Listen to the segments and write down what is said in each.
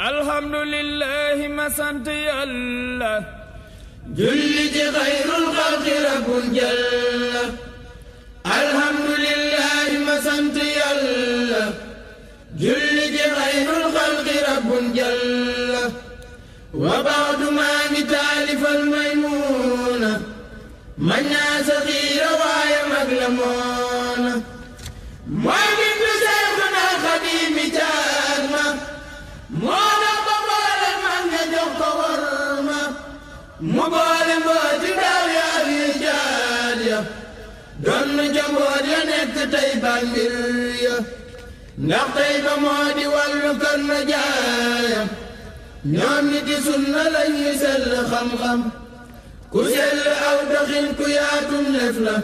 الحمد لله ما سنت يلا جل خير الخلق رب جل الحمد لله ما سنت يلا جل خير الخلق رب جل وبعد ما نتالف الميمون من ناس غير وايا مقلمون mu boole mbooti daaw yaa rijaal ya doon nu jaboot ya nekk tey bàmbir ya ndax tey ba moo di wàllu kër na jaaya ñoom ni di sunna lañuy sell xam-xam ku sell aw doxin ku yaatum lef la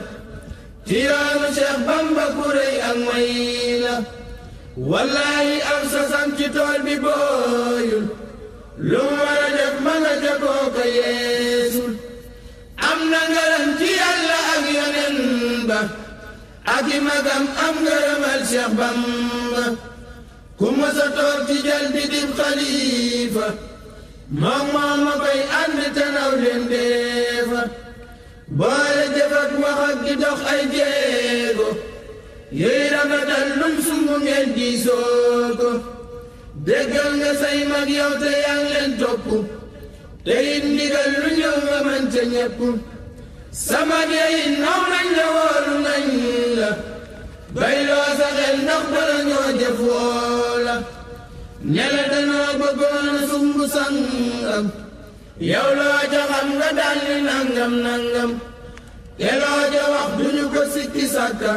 ci yoonu Seex Bamba ku rëy ak may la wallaahi aw sasam ci tool bi booyul lu mu war a def ma nga ca kooka yeesul am na ngërëm ci yàlla ak yonen ba ak i magam am ngërëmal Cheikh Bamba ku déggal nga say mag yow te yaa ngi leen topp te it ndigal lu ñëw nga mën ca ñépp sama géej naw nañ la wóolu nañ la bayloo sa xel ndax bala ñoo jëf woola ñela danoo bëggoon sumb sangam yow loo ca xam nga dalli nangam nangam te loo ca wax duñu ko sikki sàkka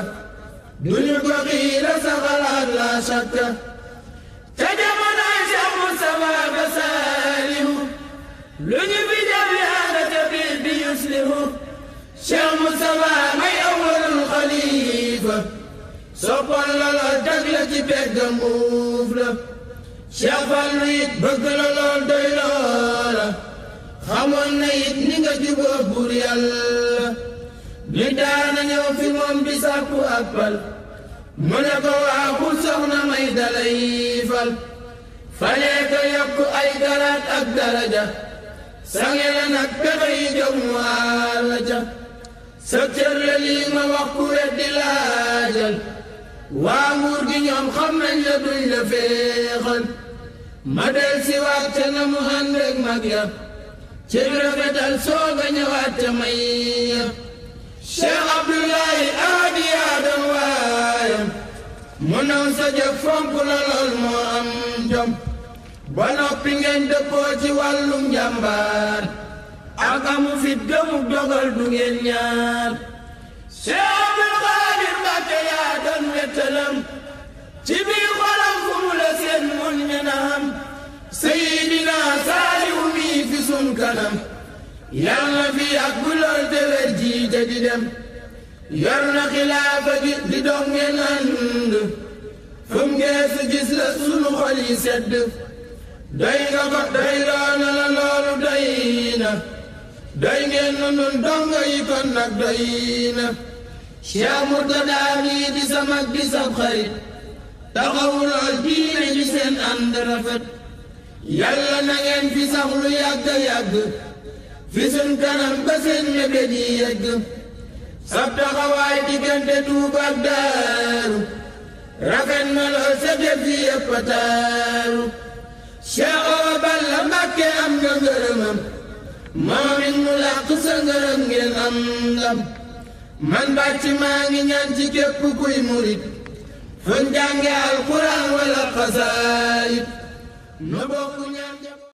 duñu ko xiila sa xalaat laa sàkka lu ñu fi def yàlla ca biir bi yuslihu Cheikh may awwalul xalifa soppal lolo dag la ci pegg muuf la Cheikh Fallou it bëgg la lool doy loola xamoon na it ni nga jubóo buur yàlla bi daana ñëw fi moom bi sàkku ak pal mu ne ko waaxul soxna may dalay fal falee ko ay garaat ak daraja sangela nag pexey jom waa la ja sa cër la lii ma wax ku weddi laajal waa nguur gi ñoom xam nañ la duñ la féexal ma del si waat ca na mu ànd ak mag ya ci rafetal soog a ñëwaat ca may ya Cheikh Abdoulaye aadi aadam waayam mu naw sa jëf fonk la lool moo am jom ba noppi ngeen dëppoo ci wàllum njàmbaar ak amu fit gëmu du ngeen ñaar Cheikh Abdul Xaadir Mbàkke yaa doon wettalam ci biir xolam la seen mun ñu naam Seydina Saaliwu fi sun kanam fi ak bu te wér di dem yor na xilaafa gi di dog ngeen fum ngeesu gis la sunu xol sedd doy nga ko doy loona la loolu doy na doy ngeen nu dongo yi kon nag doy na Cheikh Murtada mii di sa mag di sab xarit taxawu lool diine ji seen ànd rafet yàlla na fi sax lu yàgg fi suñ kanam ba seen mébét yi yegg sab taxawaay diggante Tuuba ak Daaru rafet na lool sa def yi yëpp a taaru nga gërëmam moomin mu làq sa ngërëm ngeen am ndam man bàcc maa ngi ñaan ci képp kuy murit fën jànge alquran wala xasaayit